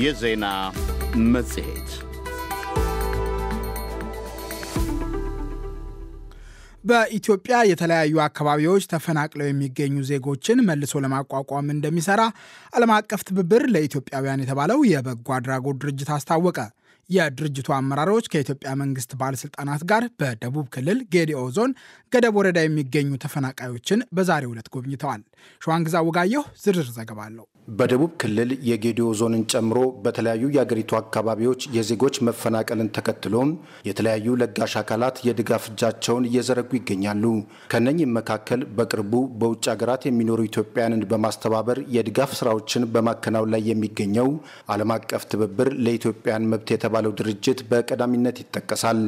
የዜና መጽሔት በኢትዮጵያ የተለያዩ አካባቢዎች ተፈናቅለው የሚገኙ ዜጎችን መልሶ ለማቋቋም እንደሚሰራ ዓለም አቀፍ ትብብር ለኢትዮጵያውያን የተባለው የበጎ አድራጎት ድርጅት አስታወቀ። የድርጅቱ አመራሮች ከኢትዮጵያ መንግስት ባለስልጣናት ጋር በደቡብ ክልል ጌዲኦ ዞን ገደብ ወረዳ የሚገኙ ተፈናቃዮችን በዛሬው ዕለት ጎብኝተዋል። ሸዋንግዛ ውጋየሁ ዝርዝር ዘገባ አለው። በደቡብ ክልል የጌዲዮ ዞንን ጨምሮ በተለያዩ የአገሪቱ አካባቢዎች የዜጎች መፈናቀልን ተከትሎም የተለያዩ ለጋሽ አካላት የድጋፍ እጃቸውን እየዘረጉ ይገኛሉ። ከነኝም መካከል በቅርቡ በውጭ ሀገራት የሚኖሩ ኢትዮጵያውያንን በማስተባበር የድጋፍ ስራዎችን በማከናወን ላይ የሚገኘው ዓለም አቀፍ ትብብር ለኢትዮጵያን መብት የተባለው ድርጅት በቀዳሚነት ይጠቀሳል።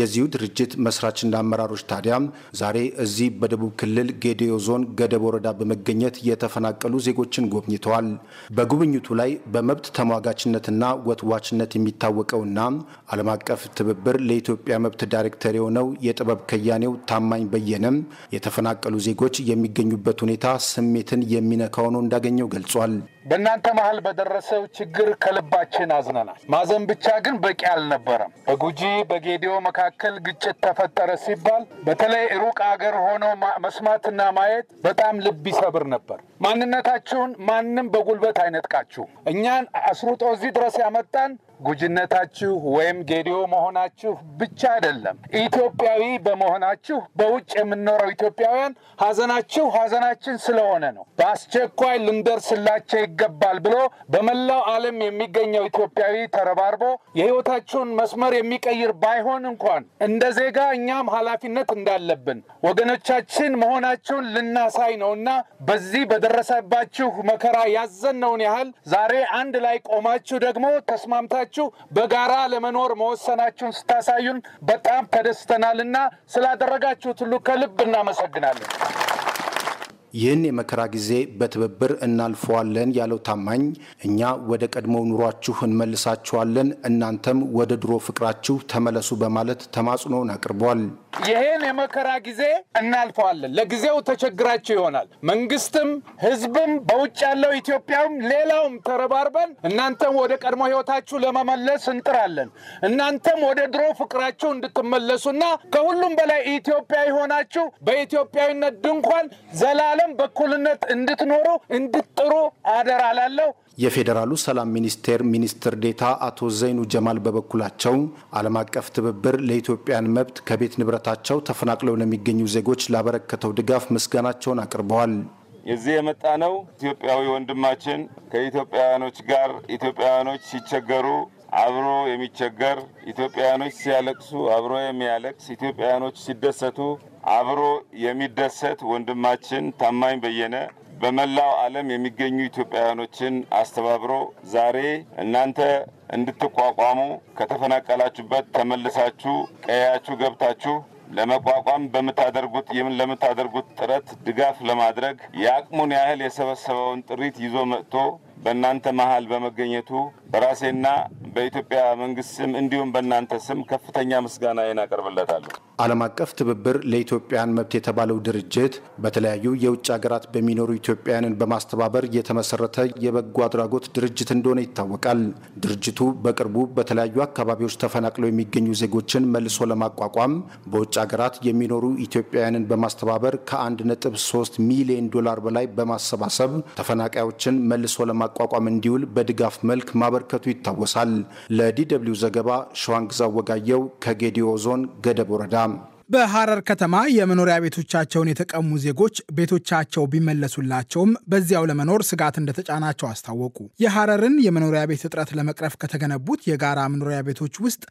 የዚሁ ድርጅት መስራችና አመራሮች ታዲያም ዛሬ እዚህ በደቡብ ክልል ጌዲዮ ዞን ገደብ ወረዳ በመ በመገኘት የተፈናቀሉ ዜጎችን ጎብኝተዋል። በጉብኝቱ ላይ በመብት ተሟጋችነትና ወትዋችነት የሚታወቀውና ዓለም አቀፍ ትብብር ለኢትዮጵያ መብት ዳይሬክተር የሆነው የጥበብ ከያኔው ታማኝ በየነም የተፈናቀሉ ዜጎች የሚገኙበት ሁኔታ ስሜትን የሚነካው ነው እንዳገኘው ገልጿል። በእናንተ መሀል በደረሰው ችግር ከልባችን አዝነናል። ማዘን ብቻ ግን በቂ አልነበረም። በጉጂ በጌዲዮ መካከል ግጭት ተፈጠረ ሲባል በተለይ ሩቅ አገር ሆኖ መስማትና ማየት በጣም ልብ ይሰብር ነበር። ማንነታችሁን ማንም በጉልበት አይነጥቃችሁ። እኛን አስሩጦ እዚህ ድረስ ያመጣን ጉጅነታችሁ ወይም ጌዲዮ መሆናችሁ ብቻ አይደለም። ኢትዮጵያዊ በመሆናችሁ በውጭ የምንኖረው ኢትዮጵያውያን ሀዘናችሁ ሀዘናችን ስለሆነ ነው። በአስቸኳይ ልንደርስላቸው ይገባል ብሎ በመላው ዓለም የሚገኘው ኢትዮጵያዊ ተረባርቦ የህይወታችሁን መስመር የሚቀይር ባይሆን እንኳን እንደ ዜጋ እኛም ኃላፊነት እንዳለብን ወገኖቻችን መሆናችሁን ልናሳይ ነውና በዚህ በደረሰባችሁ መከራ ያዘን ነውን ያህል ዛሬ አንድ ላይ ቆማችሁ ደግሞ ተስማምታ ሆናችሁ በጋራ ለመኖር መወሰናችሁን ስታሳዩን በጣም ተደስተናልና ስላደረጋችሁት ሁሉ ከልብ እናመሰግናለን። ይህን የመከራ ጊዜ በትብብር እናልፈዋለን ያለው ታማኝ እኛ ወደ ቀድሞው ኑሯችሁ እንመልሳችኋለን፣ እናንተም ወደ ድሮ ፍቅራችሁ ተመለሱ በማለት ተማጽኖውን አቅርቧል። ይህን የመከራ ጊዜ እናልፈዋለን። ለጊዜው ተቸግራችሁ ይሆናል። መንግስትም፣ ህዝብም፣ በውጭ ያለው ኢትዮጵያም፣ ሌላውም ተረባርበን እናንተም ወደ ቀድሞ ህይወታችሁ ለመመለስ እንጥራለን። እናንተም ወደ ድሮ ፍቅራችሁ እንድትመለሱና ከሁሉም በላይ ኢትዮጵያ ሆናችሁ በኢትዮጵያዊነት ድንኳን ዘላ ዓለም በኩልነት እንድትኖሩ እንድትጥሩ አደራ ላለሁ። የፌዴራሉ ሰላም ሚኒስቴር ሚኒስትር ዴታ አቶ ዘይኑ ጀማል በበኩላቸው ዓለም አቀፍ ትብብር ለኢትዮጵያን መብት ከቤት ንብረታቸው ተፈናቅለው ለሚገኙ ዜጎች ላበረከተው ድጋፍ ምስጋናቸውን አቅርበዋል። የዚህ የመጣ ነው ኢትዮጵያዊ ወንድማችን ከኢትዮጵያውያኖች ጋር ኢትዮጵያውያኖች ሲቸገሩ አብሮ የሚቸገር ኢትዮጵያውያኖች ሲያለቅሱ አብሮ የሚያለቅስ ኢትዮጵያውያኖች ሲደሰቱ አብሮ የሚደሰት ወንድማችን ታማኝ በየነ በመላው ዓለም የሚገኙ ኢትዮጵያውያኖችን አስተባብሮ ዛሬ እናንተ እንድትቋቋሙ ከተፈናቀላችሁበት ተመልሳችሁ ቀያችሁ ገብታችሁ ለመቋቋም በምታደርጉት የምን ለምታደርጉት ጥረት ድጋፍ ለማድረግ የአቅሙን ያህል የሰበሰበውን ጥሪት ይዞ መጥቶ በእናንተ መሀል በመገኘቱ በራሴና በኢትዮጵያ መንግስት ስም እንዲሁም በእናንተ ስም ከፍተኛ ምስጋና አቀርብለታለሁ። ዓለም አቀፍ ትብብር ለኢትዮጵያን መብት የተባለው ድርጅት በተለያዩ የውጭ ሀገራት በሚኖሩ ኢትዮጵያውያንን በማስተባበር የተመሰረተ የበጎ አድራጎት ድርጅት እንደሆነ ይታወቃል። ድርጅቱ በቅርቡ በተለያዩ አካባቢዎች ተፈናቅለው የሚገኙ ዜጎችን መልሶ ለማቋቋም በውጭ ሀገራት የሚኖሩ ኢትዮጵያውያንን በማስተባበር ከ1.3 ሚሊዮን ዶላር በላይ በማሰባሰብ ተፈናቃዮችን መልሶ ለማ ለማቋቋም እንዲውል በድጋፍ መልክ ማበርከቱ ይታወሳል። ለዲደብሊው ዘገባ ሸዋንግዛ ወጋየው ከጌዲዮ ዞን ገደብ ወረዳ በሐረር ከተማ የመኖሪያ ቤቶቻቸውን የተቀሙ ዜጎች ቤቶቻቸው ቢመለሱላቸውም በዚያው ለመኖር ስጋት እንደተጫናቸው አስታወቁ። የሐረርን የመኖሪያ ቤት እጥረት ለመቅረፍ ከተገነቡት የጋራ መኖሪያ ቤቶች ውስጥ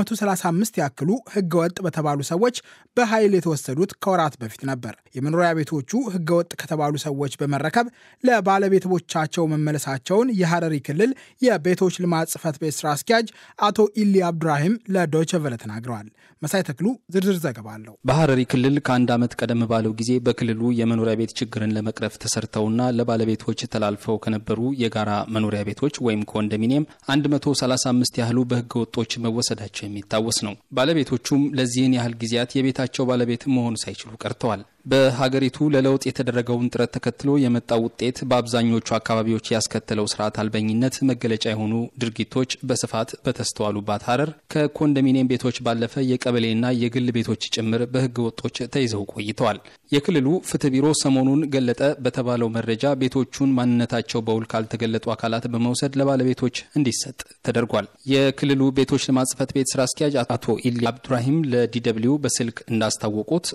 135 ያክሉ ህገወጥ በተባሉ ሰዎች በኃይል የተወሰዱት ከወራት በፊት ነበር። የመኖሪያ ቤቶቹ ህገወጥ ከተባሉ ሰዎች በመረከብ ለባለቤቶቻቸው መመለሳቸውን የሐረሪ ክልል የቤቶች ልማት ጽፈት ቤት ስራ አስኪያጅ አቶ ኢሊ አብዱራሂም ለዶይቸ ተናግረዋል። መሳይ ተክሉ ዝርዝር ዘገባ አለው። በሐረሪ ክልል ከአንድ ዓመት ቀደም ባለው ጊዜ በክልሉ የመኖሪያ ቤት ችግርን ለመቅረፍ ተሰርተውና ለባለቤቶች ተላልፈው ከነበሩ የጋራ መኖሪያ ቤቶች ወይም ኮንዶሚኒየም 135 ያህሉ በህገ ወጦች መወሰዳቸው የሚታወስ ነው። ባለቤቶቹም ለዚህን ያህል ጊዜያት የቤታቸው ባለቤት መሆኑ ሳይችሉ ቀርተዋል። በሀገሪቱ ለለውጥ የተደረገውን ጥረት ተከትሎ የመጣው ውጤት በአብዛኞቹ አካባቢዎች ያስከተለው ስርዓት አልበኝነት መገለጫ የሆኑ ድርጊቶች በስፋት በተስተዋሉባት ሀረር ከኮንዶሚኒየም ቤቶች ባለፈ የቀበሌና የግል ቤቶች ተጠርጣሪዎች ጭምር በህገ ወጦች ተይዘው ቆይተዋል። የክልሉ ፍትህ ቢሮ ሰሞኑን ገለጠ በተባለው መረጃ ቤቶቹን ማንነታቸው በውል ካልተገለጡ አካላት በመውሰድ ለባለቤቶች እንዲሰጥ ተደርጓል። የክልሉ ቤቶች ልማት ጽሕፈት ቤት ስራ አስኪያጅ አቶ ኢሊ አብዱራሂም ለዲደብልዩ በስልክ እንዳስታወቁት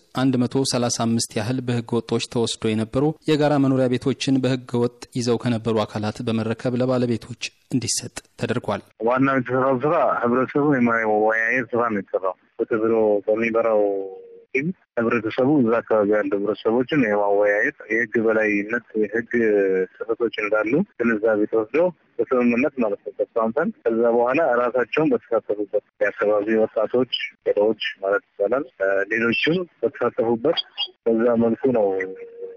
135 ያህል በህገ ወጦች ተወስዶ የነበሩ የጋራ መኖሪያ ቤቶችን በህገ ወጥ ይዘው ከነበሩ አካላት በመረከብ ለባለቤቶች እንዲሰጥ ተደርጓል። ዋናው የተሰራው ስራ ህብረተሰቡ የማወያየት ስራ ነው የተሰራው። ፍትህ ብሎ በሚመራው ቲም ህብረተሰቡ እዛ አካባቢ ያሉ ህብረተሰቦችን የማወያየት የህግ በላይነት የህግ ጥሰቶች እንዳሉ ግንዛቤ ተወስደው በስምምነት ማለት ነው ተስማምተን ከዛ በኋላ እራሳቸውን በተሳተፉበት የአካባቢ ወጣቶች ቄሮዎች ማለት ይባላል ሌሎችም በተሳተፉበት በዛ መልኩ ነው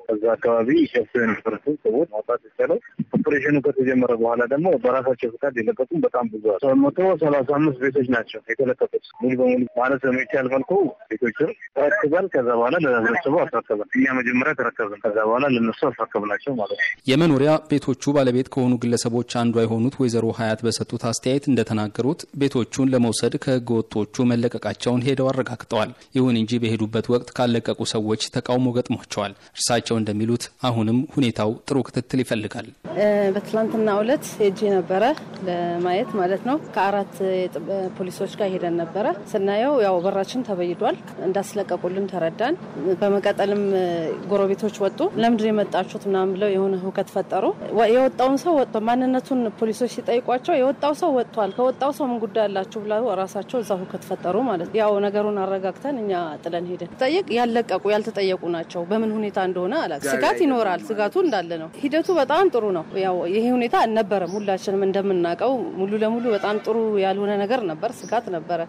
ከዛ አካባቢ ሸፍቶ የነበረችን ሰዎች ማውጣት ይቻላል። ኦፕሬሽኑ ከተጀመረ በኋላ ደግሞ በራሳቸው ፍቃድ የለቀቁም በጣም ብዙ ሰው መቶ ሰላሳ አምስት ቤቶች ናቸው የተለቀቁት ሙሉ በሙሉ ማለት በሚቻል መልኩ ቤቶችን ተረክበል። ከዛ በኋላ ለህብረተሰቡ አስረከበል። እኛ መጀመሪያ ተረከብን፣ ከዛ በኋላ ለነሱ ናቸው ማለት ነው። የመኖሪያ ቤቶቹ ባለቤት ከሆኑ ግለሰቦች አንዷ የሆኑት ወይዘሮ ሀያት በሰጡት አስተያየት እንደተናገሩት ቤቶቹን ለመውሰድ ከህገ ወጦቹ መለቀቃቸውን ሄደው አረጋግጠዋል። ይሁን እንጂ በሄዱበት ወቅት ካለቀቁ ሰዎች ተቃውሞ ገጥሟቸዋል። እርሳቸው ናቸው እንደሚሉት አሁንም ሁኔታው ጥሩ ክትትል ይፈልጋል። በትላንትና ዕለት ሄጄ ነበረ ለማየት ማለት ነው። ከአራት ፖሊሶች ጋር ሄደን ነበረ። ስናየው ያው በራችን ተበይዷል። እንዳስለቀቁልን ተረዳን። በመቀጠልም ጎረቤቶች ወጡ። ለምንድን የመጣችሁት ምናምን ብለው የሆነ ህውከት ፈጠሩ። የወጣውን ሰው ወጥቶ ማንነቱን ፖሊሶች ሲጠይቋቸው የወጣው ሰው ወጥቷል፣ ከወጣው ሰው ምን ጉዳይ አላችሁ ብላ ራሳቸው እዛ ህውከት ፈጠሩ ማለት ያው ነገሩን አረጋግተን እኛ ጥለን ሄደን ጠይቅ ያለቀቁ ያልተጠየቁ ናቸው። በምን ሁኔታ እንደሆነ አላውቅም። ስጋት ይኖራል። ስጋቱ እንዳለ ነው። ሂደቱ በጣም ጥሩ ነው። ያው ይሄ ሁኔታ አልነበረም። ሁላችንም እንደምናውቀው ሙሉ ለሙሉ በጣም ጥሩ ያልሆነ ነገር ነበር፣ ስጋት ነበረ።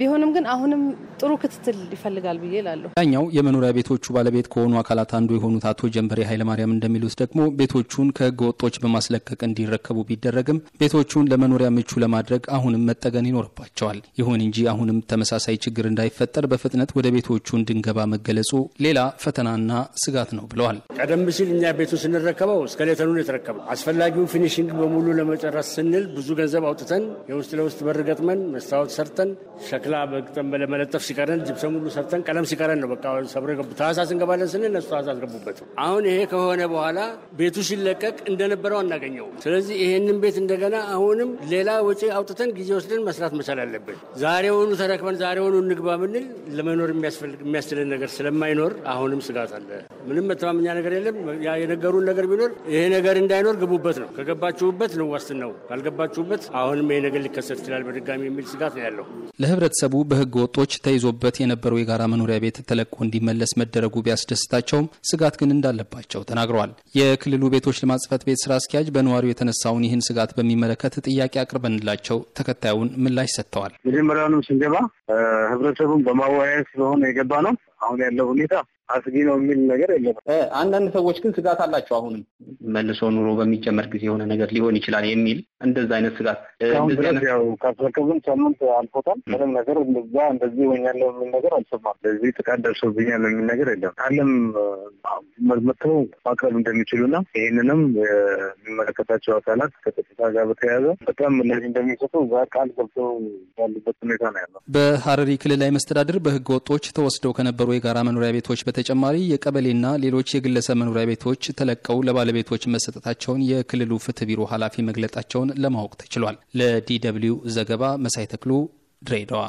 ቢሆንም ግን አሁንም ጥሩ ክትትል ይፈልጋል ብዬ እላለሁ። ዳኛው የመኖሪያ ቤቶቹ ባለቤት ከሆኑ አካላት አንዱ የሆኑት አቶ ጀንበሬ ኃይለማርያም እንደሚሉት ደግሞ ቤቶቹን ከህገ ወጦች በማስለቀቅ እንዲረከቡ ቢደረግም ቤቶቹን ለመኖሪያ ምቹ ለማድረግ አሁንም መጠገን ይኖርባቸዋል። ይሁን እንጂ አሁንም ተመሳሳይ ችግር እንዳይፈጠር በፍጥነት ወደ ቤቶቹ እንድንገባ መገለጹ ሌላ ፈተናና ስጋት ነው ብለዋል። ቀደም ሲል እኛ ቤቱ ስንረከበው እስከሌተኑን የተረከበው አስፈላጊው ፊኒሽንግ በሙሉ ለመጨረስ ስንል ብዙ ገንዘብ አውጥተን የውስጥ ለውስጥ በር ገጥመን መስታወት ሰርተን ሸክላ በግጠም ለመለጠፍ ሲቀረን ጅብሰ ሙሉ ሰርተን ቀለም ሲቀረን ነው በቃ ሰብረ ገቡ። ታህሳስ እንገባለን ስንል እነሱ ታህሳስ ገቡበት። አሁን ይሄ ከሆነ በኋላ ቤቱ ሲለቀቅ እንደነበረው አናገኘው። ስለዚህ ይሄንን ቤት እንደገና አሁንም ሌላ ወጪ አውጥተን ጊዜ ወስደን መስራት መቻል አለብን። ዛሬውኑ ተረክበን ዛሬውኑ እንግባ ምንል ለመኖር የሚያስችለን ነገር ስለማይኖር አሁንም ስጋት አለ ምንም የሚያስተማምኛ ነገር የለም። የነገሩን ነገር ቢኖር ይሄ ነገር እንዳይኖር ግቡበት ነው። ከገባችሁበት ነው ዋስትናው፣ ካልገባችሁበት አሁንም ይሄ ነገር ሊከሰት ይችላል በድጋሚ የሚል ስጋት ነው ያለው። ለህብረተሰቡ በህገ ወጦች ተይዞበት የነበረው የጋራ መኖሪያ ቤት ተለቆ እንዲመለስ መደረጉ ቢያስደስታቸውም ስጋት ግን እንዳለባቸው ተናግረዋል። የክልሉ ቤቶች ልማት ቤት ስራ አስኪያጅ በነዋሪው የተነሳውን ይህን ስጋት በሚመለከት ጥያቄ አቅርበንላቸው ተከታዩን ምላሽ ሰጥተዋል። መጀመሪያውንም ስንገባ ህብረተሰቡን በማወያየት ስለሆነ የገባ ነው። አሁን ያለው ሁኔታ አስጊ ነው የሚል ነገር የለም። አንዳንድ ሰዎች ግን ስጋት አላቸው። አሁንም መልሶ ኑሮ በሚጀመር ጊዜ የሆነ ነገር ሊሆን ይችላል የሚል እንደዛ አይነት ስጋት ያው ሳምንት አልፎታል። ምንም ነገር እንደዛ እንደዚህ ሆኛለሁ የሚል ነገር አልሰማም። ለዚህ ጥቃት ደርሶብኛል የሚል ነገር የለም። አለም መጥተው ማቅረብ እንደሚችሉና ይህንንም የሚመለከታቸው አካላት ከጥታ ጋር በተያያዘ በጣም እነዚህ እንደሚሰጡ እዛ ቃል ገብተው ያሉበት ሁኔታ ነው ያለው። በሀረሪ ክልላዊ መስተዳድር በህገ ወጦች ተወስደው ከነበሩ የጋራ መኖሪያ ቤቶች በተጨማሪ የቀበሌና ሌሎች የግለሰብ መኖሪያ ቤቶች ተለቀው ለባለቤቶች መሰጠታቸውን የክልሉ ፍትህ ቢሮ ኃላፊ መግለጻቸውን ለማወቅ ተችሏል። ለዲደብሊው ዘገባ መሳይ ተክሉ ድሬዳዋ።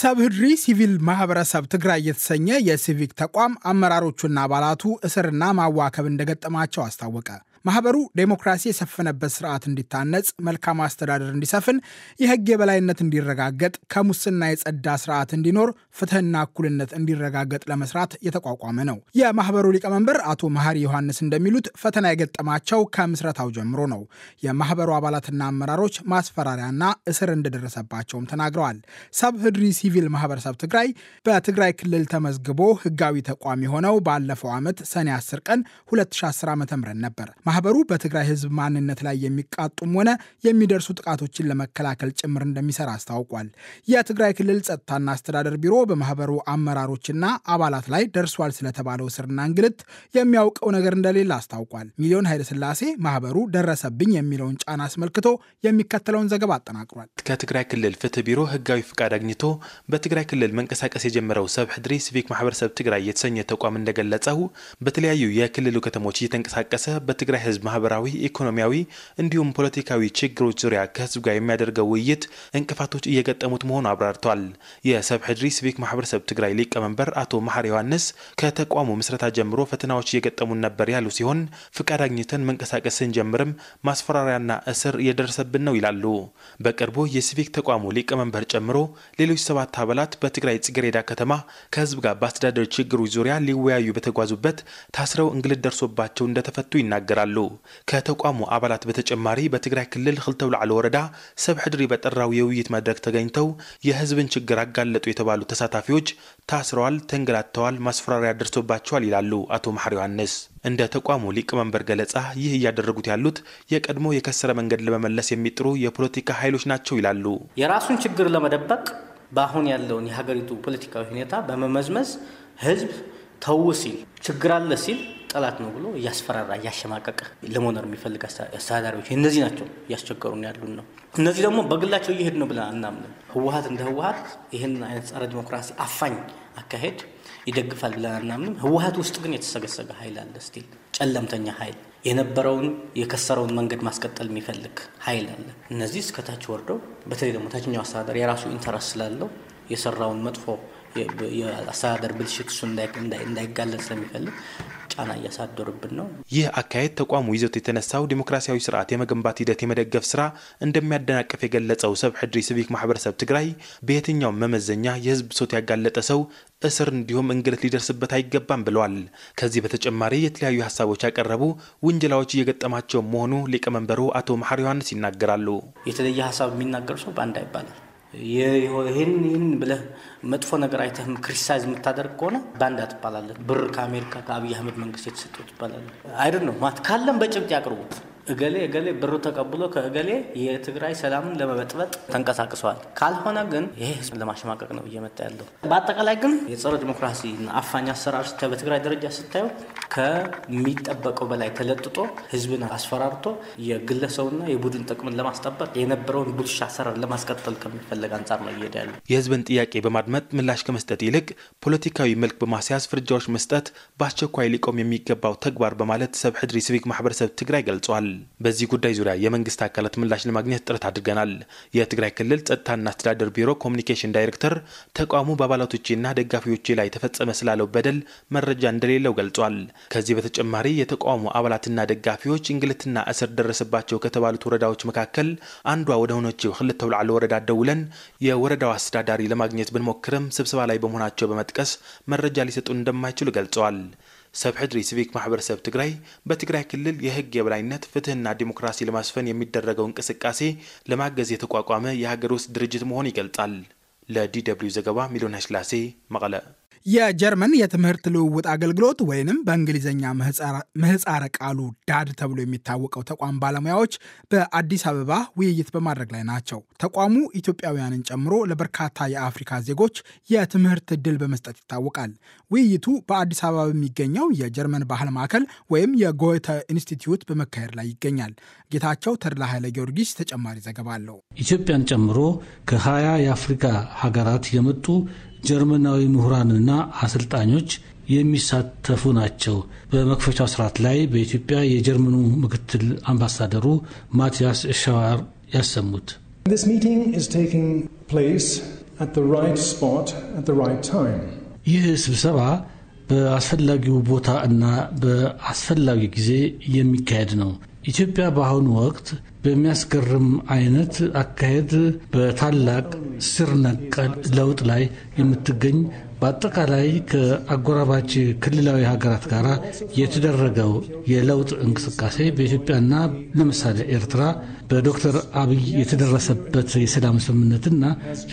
ሰብህድሪ ሲቪል ማህበረሰብ ትግራይ የተሰኘ የሲቪክ ተቋም አመራሮቹና አባላቱ እስርና ማዋከብ እንደገጠማቸው አስታወቀ። ማህበሩ ዴሞክራሲ የሰፈነበት ስርዓት እንዲታነጽ፣ መልካም አስተዳደር እንዲሰፍን፣ የህግ የበላይነት እንዲረጋገጥ፣ ከሙስና የጸዳ ስርዓት እንዲኖር፣ ፍትህና እኩልነት እንዲረጋገጥ ለመስራት የተቋቋመ ነው። የማህበሩ ሊቀመንበር አቶ መሐሪ ዮሐንስ እንደሚሉት ፈተና የገጠማቸው ከምስረታው ጀምሮ ነው። የማህበሩ አባላትና አመራሮች ማስፈራሪያና እስር እንደደረሰባቸውም ተናግረዋል። ሰብህድሪ ሲቪል ማህበረሰብ ትግራይ በትግራይ ክልል ተመዝግቦ ህጋዊ ተቋም የሆነው ባለፈው ዓመት ሰኔ 10 ቀን 2010 ዓ ም ነበር። ማህበሩ በትግራይ ህዝብ ማንነት ላይ የሚቃጡም ሆነ የሚደርሱ ጥቃቶችን ለመከላከል ጭምር እንደሚሰራ አስታውቋል። የትግራይ ክልል ጸጥታና አስተዳደር ቢሮ በማህበሩ አመራሮችና አባላት ላይ ደርሷል ስለተባለው እስርና እንግልት የሚያውቀው ነገር እንደሌለ አስታውቋል። ሚሊዮን ኃይለስላሴ ማህበሩ ደረሰብኝ የሚለውን ጫና አስመልክቶ የሚከተለውን ዘገባ አጠናቅሯል። ከትግራይ ክልል ፍትህ ቢሮ ህጋዊ ፍቃድ አግኝቶ በትግራይ ክልል መንቀሳቀስ የጀመረው ሰብ ሕድሪ ሲቪክ ማህበረሰብ ትግራይ የተሰኘ ተቋም እንደገለጸው በተለያዩ የክልሉ ከተሞች እየተንቀሳቀሰ በትግራይ ህዝብ ማህበራዊ፣ ኢኮኖሚያዊ እንዲሁም ፖለቲካዊ ችግሮች ዙሪያ ከህዝብ ጋር የሚያደርገው ውይይት እንቅፋቶች እየገጠሙት መሆኑ አብራርተዋል። የሰብሒ ድሪ ሲቪክ ማህበረሰብ ትግራይ ሊቀመንበር አቶ መሐር ዮሐንስ ከተቋሙ ምስረታ ጀምሮ ፈተናዎች እየገጠሙን ነበር ያሉ ሲሆን ፍቃድ አግኝተን መንቀሳቀስ ስንጀምርም ማስፈራሪያና እስር እየደረሰብን ነው ይላሉ። በቅርቡ የሲቪክ ተቋሙ ሊቀመንበር ጨምሮ ሌሎች ሰባት አባላት በትግራይ ጽጌሬዳ ከተማ ከህዝብ ጋር በአስተዳደር ችግሮች ዙሪያ ሊወያዩ በተጓዙበት ታስረው እንግልት ደርሶባቸው እንደተፈቱ ይናገራሉ። ይገልጻሉ። ከተቋሙ አባላት በተጨማሪ በትግራይ ክልል ክልተው ላዕለ ወረዳ ሰብ ሕድሪ በጠራው የውይይት መድረክ ተገኝተው የህዝብን ችግር አጋለጡ የተባሉ ተሳታፊዎች ታስረዋል፣ ተንገላተዋል፣ ማስፈራሪያ ደርሶባቸዋል ይላሉ አቶ መሐሪ ዮሐንስ። እንደ ተቋሙ ሊቀመንበር ገለጻ ይህ እያደረጉት ያሉት የቀድሞ የከሰረ መንገድ ለመመለስ የሚጥሩ የፖለቲካ ኃይሎች ናቸው ይላሉ። የራሱን ችግር ለመደበቅ በአሁን ያለውን የሀገሪቱ ፖለቲካዊ ሁኔታ በመመዝመዝ ህዝብ ተው ሲል ችግር አለ ሲል ጠላት ነው ብሎ እያስፈራራ እያሸማቀቀ ለመኖር የሚፈልግ አስተዳዳሪዎች እነዚህ ናቸው እያስቸገሩን ያሉን ነው። እነዚህ ደግሞ በግላቸው እየሄድ ነው ብለን አናምንም። ህወሀት እንደ ህወሀት ይህን አይነት ጸረ ዲሞክራሲ አፋኝ አካሄድ ይደግፋል ብለን አናምንም። ህወሀት ውስጥ ግን የተሰገሰገ ኃይል አለ። ስቲል ጨለምተኛ ኃይል የነበረውን የከሰረውን መንገድ ማስቀጠል የሚፈልግ ኃይል አለ። እነዚህ እስከታች ወርደው በተለይ ደግሞ ታችኛው አስተዳደር የራሱ ኢንተረስ ስላለው የሰራውን መጥፎ የአስተዳደር ብልሽት እሱ እንዳይጋለጥ ስለሚፈልግ ጫና እያሳደሩብን ነው። ይህ አካሄድ ተቋሙ ይዘት የተነሳው ዲሞክራሲያዊ ስርዓት የመገንባት ሂደት የመደገፍ ስራ እንደሚያደናቅፍ የገለጸው ሰብሕ ድሪ ሲቪክ ማህበረሰብ ትግራይ በየትኛውም መመዘኛ የህዝብ ብሶት ያጋለጠ ሰው እስር እንዲሁም እንግልት ሊደርስበት አይገባም ብለዋል። ከዚህ በተጨማሪ የተለያዩ ሀሳቦች ያቀረቡ ውንጀላዎች እየገጠማቸው መሆኑ ሊቀመንበሩ አቶ መሐር ዮሐንስ ይናገራሉ። የተለየ ሀሳብ የሚናገሩ ሰው በአንድ አይባላል ይህን ይህን ብለህ መጥፎ ነገር አይተህ ክሪሳይዝ የምታደርግ ከሆነ ባንዳ ትባላለን። ብር ከአሜሪካ ከአብይ አህመድ መንግስት የተሰጠው ትባላለን። አይደ ነው ማት ካለም በጭብጥ ያቅርቡት። እገሌ እገሌ ብሩ ተቀብሎ ከእገሌ የትግራይ ሰላምን ለመበጥበጥ ተንቀሳቅሰዋል። ካልሆነ ግን ይሄ ህዝብ ለማሸማቀቅ ነው እየመጣ ያለው። በአጠቃላይ ግን የጸረ ዲሞክራሲ አፋኝ አሰራር ስታዩ፣ በትግራይ ደረጃ ስታዩ ከሚጠበቀው በላይ ተለጥጦ ህዝብን አስፈራርቶ የግለሰቡና የቡድን ጥቅምን ለማስጠበቅ የነበረውን ቡልሻ አሰራር ለማስቀጠል ከሚፈለግ አንጻር ነው እየሄደ ያለው። የህዝብን ጥያቄ በማድመጥ ምላሽ ከመስጠት ይልቅ ፖለቲካዊ መልክ በማስያዝ ፍርጃዎች መስጠት በአስቸኳይ ሊቆም የሚገባው ተግባር በማለት ሰብ ሕድሪ ሲቪክ ማህበረሰብ ትግራይ ገልጿል። በዚህ ጉዳይ ዙሪያ የመንግስት አካላት ምላሽ ለማግኘት ጥረት አድርገናል። የትግራይ ክልል ጸጥታና አስተዳደር ቢሮ ኮሚኒኬሽን ዳይሬክተር ተቋሙ በአባላቶቼና ደጋፊዎቼ ላይ ተፈጸመ ስላለው በደል መረጃ እንደሌለው ገልጿል። ከዚህ በተጨማሪ የተቋሙ አባላትና ደጋፊዎች እንግልትና እስር ደረሰባቸው ከተባሉት ወረዳዎች መካከል አንዷ ወደ ሆነችው ክልተ አውላዕሎ ወረዳ ደውለን የወረዳው አስተዳዳሪ ለማግኘት ብንሞክርም ስብሰባ ላይ በመሆናቸው በመጥቀስ መረጃ ሊሰጡን እንደማይችሉ ገልጸዋል። ሰብሒ ድሪ ሲቪክ ማህበረሰብ ትግራይ በትግራይ ክልል የህግ የበላይነት ፍትህና ዲሞክራሲ ለማስፈን የሚደረገው እንቅስቃሴ ለማገዝ የተቋቋመ የሀገር ውስጥ ድርጅት መሆን ይገልጻል። ለዲ ደብልዩ ዘገባ ሚሊዮን ሽላሴ መቀለ የጀርመን የትምህርት ልውውጥ አገልግሎት ወይንም በእንግሊዝኛ ምህፃረ ቃሉ ዳድ ተብሎ የሚታወቀው ተቋም ባለሙያዎች በአዲስ አበባ ውይይት በማድረግ ላይ ናቸው። ተቋሙ ኢትዮጵያውያንን ጨምሮ ለበርካታ የአፍሪካ ዜጎች የትምህርት እድል በመስጠት ይታወቃል። ውይይቱ በአዲስ አበባ በሚገኘው የጀርመን ባህል ማዕከል ወይም የጎተ ኢንስቲትዩት በመካሄድ ላይ ይገኛል። ጌታቸው ተድላ ኃይለ ጊዮርጊስ ተጨማሪ ዘገባ አለው። ኢትዮጵያን ጨምሮ ከሀያ የአፍሪካ ሀገራት የመጡ ጀርመናዊ ምሁራንና አሰልጣኞች የሚሳተፉ ናቸው። በመክፈቻው ስርዓት ላይ በኢትዮጵያ የጀርመኑ ምክትል አምባሳደሩ ማቲያስ ሸዋር ያሰሙት ይህ ስብሰባ በአስፈላጊው ቦታ እና በአስፈላጊ ጊዜ የሚካሄድ ነው። ኢትዮጵያ በአሁኑ ወቅት በሚያስገርም አይነት አካሄድ በታላቅ ስር ነቀል ለውጥ ላይ የምትገኝ በአጠቃላይ ከአጎራባች ክልላዊ ሀገራት ጋር የተደረገው የለውጥ እንቅስቃሴ በኢትዮጵያና ለምሳሌ ኤርትራ በዶክተር አብይ የተደረሰበት የሰላም ስምምነትና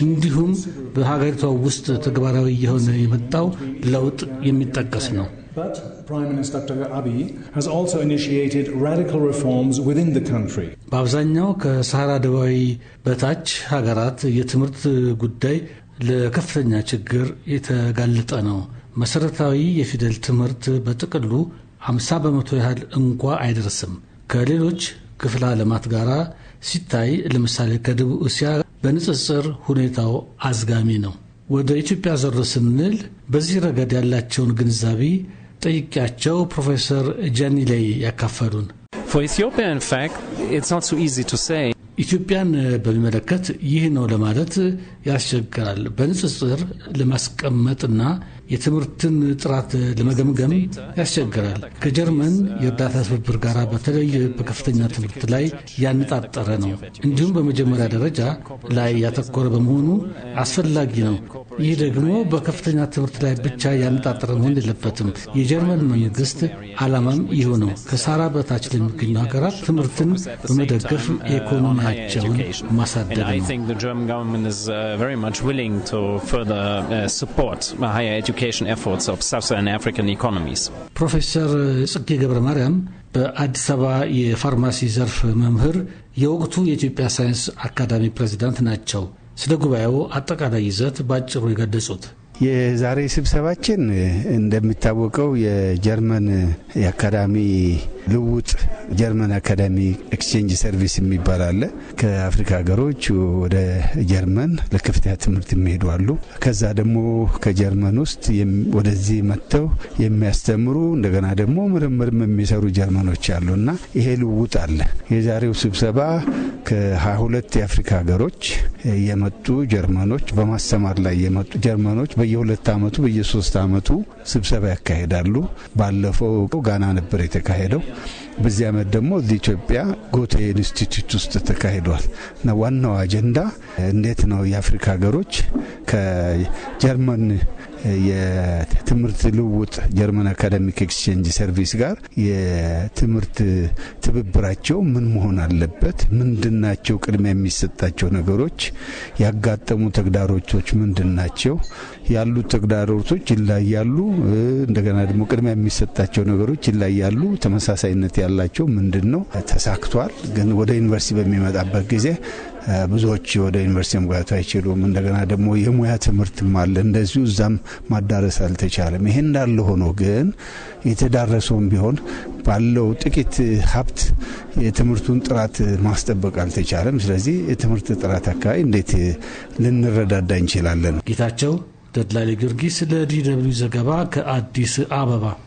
እንዲሁም በሀገሪቷ ውስጥ ተግባራዊ የሆነ የመጣው ለውጥ የሚጠቀስ ነው። በአብዛኛው ከሳህራ ደቡባዊ በታች ሀገራት የትምህርት ጉዳይ ለከፍተኛ ችግር የተጋለጠ ነው። መሰረታዊ የፊደል ትምህርት በጥቅሉ 50 በመቶ ያህል እንኳ አይደርስም። ከሌሎች ክፍለ ዓለማት ጋር ሲታይ ለምሳሌ ከደቡብ እስያ በንጽጽር ሁኔታው አዝጋሚ ነው። ወደ ኢትዮጵያ ዘር ስንል በዚህ ረገድ ያላቸውን ግንዛቤ ጠይቂያቸው ፕሮፌሰር ጀኒሌይ ላይ ያካፈሉን ኢትዮጵያን በሚመለከት ይህ ነው ለማለት ያስቸግራል። በንጽጽር ለማስቀመጥና የትምህርትን ጥራት ለመገምገም ያስቸግራል። ከጀርመን የእርዳታ ትብብር ጋር በተለየ በከፍተኛ ትምህርት ላይ ያነጣጠረ ነው፣ እንዲሁም በመጀመሪያ ደረጃ ላይ ያተኮረ በመሆኑ አስፈላጊ ነው። ይህ ደግሞ በከፍተኛ ትምህርት ላይ ብቻ ያነጣጠረ መሆን የለበትም። የጀርመን መንግስት ዓላማም ይኸው ነው። ከሳራ በታች ለሚገኙ ሀገራት ትምህርትን በመደገፍ ኢኮኖሚያቸውን ማሳደግ ነው። education efforts of sub-Saharan African economies. ፕሮፌሰር ጽጌ ገብረ ማርያም በአዲስ አበባ የፋርማሲ ዘርፍ መምህር፣ የወቅቱ የኢትዮጵያ ሳይንስ አካዳሚ ፕሬዚዳንት ናቸው። ስለ ጉባኤው አጠቃላይ ይዘት በአጭሩ የገለጹት የዛሬ ስብሰባችን እንደሚታወቀው የጀርመን የአካዳሚ ልውጥ ጀርመን አካዳሚ ኤክስቼንጅ ሰርቪስ የሚባል አለ። ከአፍሪካ ሀገሮች ወደ ጀርመን ለከፍተኛ ትምህርት የሚሄዱ አሉ። ከዛ ደግሞ ከጀርመን ውስጥ ወደዚህ መጥተው የሚያስተምሩ እንደገና ደግሞ ምርምርም የሚሰሩ ጀርመኖች አሉ እና ይሄ ልውጥ አለ። የዛሬው ስብሰባ ከ የአፍሪካ ሀገሮች የመጡ ጀርመኖች በማስተማር ላይ የመጡ ጀርመኖች በየሁለት አመቱ በየሶስት አመቱ ስብሰባ ያካሂዳሉ። ባለፈው ጋና ነበር የተካሄደው። በዚህ ዓመት ደግሞ እዚህ ኢትዮጵያ ጎቴ ኢንስቲትዩት ውስጥ ተካሂዷል እና ዋናው አጀንዳ እንዴት ነው የአፍሪካ ሀገሮች ከጀርመን የትምህርት ልውውጥ ጀርመን አካደሚክ ኤክስቼንጅ ሰርቪስ ጋር የትምህርት ትብብራቸው ምን መሆን አለበት? ምንድናቸው ቅድሚያ የሚሰጣቸው ነገሮች? ያጋጠሙ ተግዳሮቶች ምንድናቸው? ያሉት ተግዳሮቶች ይለያሉ። እንደገና ደግሞ ቅድሚያ የሚሰጣቸው ነገሮች ይለያሉ። ተመሳሳይነት ያላቸው ምንድን ነው? ተሳክቷል። ግን ወደ ዩኒቨርሲቲ በሚመጣበት ጊዜ ብዙዎች ወደ ዩኒቨርሲቲ መግባት አይችሉም። እንደገና ደግሞ የሙያ ትምህርትም አለ እንደዚሁ እዛም ማዳረስ አልተቻለም። ይሄ እንዳለ ሆኖ ግን የተዳረሰውም ቢሆን ባለው ጥቂት ሀብት የትምህርቱን ጥራት ማስጠበቅ አልተቻለም። ስለዚህ የትምህርት ጥራት አካባቢ እንዴት ልንረዳዳ እንችላለን? ጌታቸው ተድላሌ ጊዮርጊስ ለዲ ደብልዩ ዘገባ ከአዲስ አበባ